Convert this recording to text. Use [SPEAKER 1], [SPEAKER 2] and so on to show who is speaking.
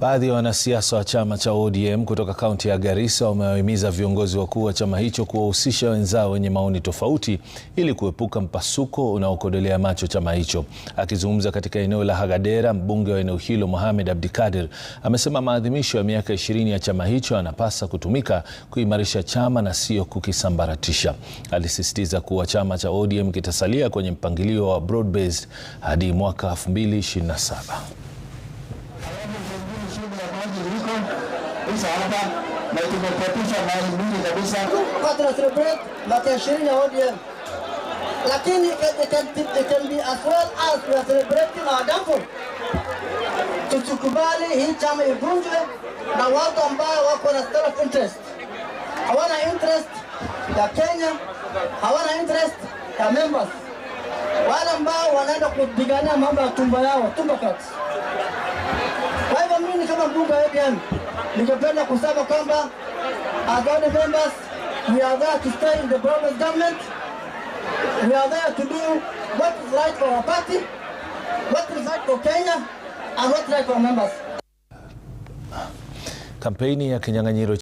[SPEAKER 1] Baadhi ya wanasiasa wa chama cha ODM kutoka kaunti ya Garissa wamewahimiza viongozi wakuu wa chama hicho kuwahusisha wenzao wenye maoni tofauti ili kuepuka mpasuko unaokodolea macho chama hicho. Akizungumza katika eneo la Hagadera, mbunge wa eneo hilo Mohamed Abdikadir amesema maadhimisho ya miaka ishirini ya chama hicho yanapasa kutumika kuimarisha chama na sio kukisambaratisha. Alisisitiza kuwa chama cha ODM kitasalia kwenye mpangilio wa broad-based hadi mwaka 2027 mtiririko
[SPEAKER 2] isa hapa na tumepotisha mali mingi kabisa kwa tuna 20 ya ODM lakini as Tusikubali hii chama ivunjwe na watu ambao wako na self interest, hawana interest ya Kenya, hawana interest ya members, wale ambao wanaenda kupigania mambo ya tumba yao, tumba kati kama mbunge wa ODM, ningependa kusema kwamba as ODM members we are there to stay in the Bomas government. We are there to do what is right for our party, what is right for Kenya and what is right for members. Kampeni ya kinyang'anyiro